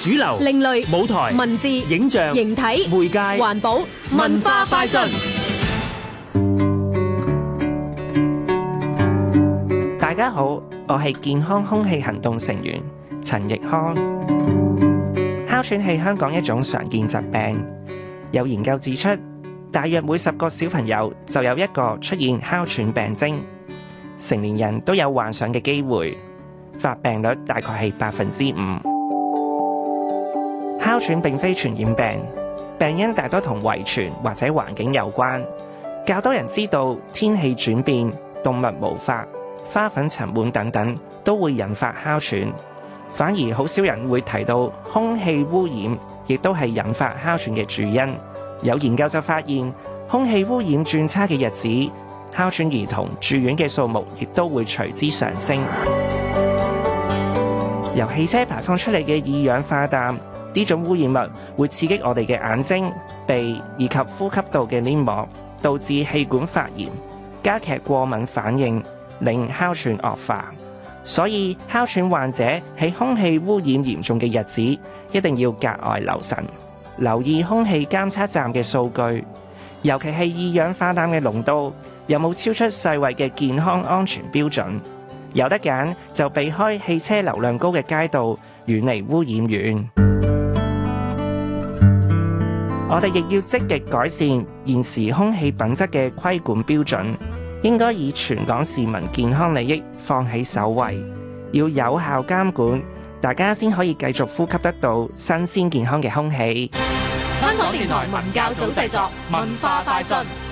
主流、另類、舞台、文字、影像、形體、媒介、環保、文化快訊。大家好，我係健康空氣行動成員陳奕康。哮喘係香港一種常見疾病，有研究指出，大約每十個小朋友就有一個出現哮喘病徵，成年人都有患上嘅機會，發病率大概係百分之五。哮喘並非傳染病，病因大多同遺傳或者環境有關。較多人知道天氣轉變、動物毛髮、花粉塵蟎等等都會引發哮喘，反而好少人會提到空氣污染，亦都係引發哮喘嘅主因。有研究就發現，空氣污染轉差嘅日子，哮喘兒童住院嘅數目亦都會隨之上升。由汽車排放出嚟嘅二氧化氮。呢種污染物會刺激我哋嘅眼睛、鼻以及呼吸道嘅黏膜，導致氣管發炎，加劇過敏反應，令哮喘惡化。所以哮喘患者喺空氣污染嚴重嘅日子，一定要格外留神，留意空氣監測站嘅數據，尤其係二氧化氮嘅濃度有冇超出世衞嘅健康安全標準。有得揀就避開汽車流量高嘅街道，遠離污染源。我哋亦要積極改善現時空氣品質嘅規管標準，應該以全港市民健康利益放喺首位，要有效監管，大家先可以繼續呼吸得到新鮮健康嘅空氣。香港電台文教組製作，文化快訊。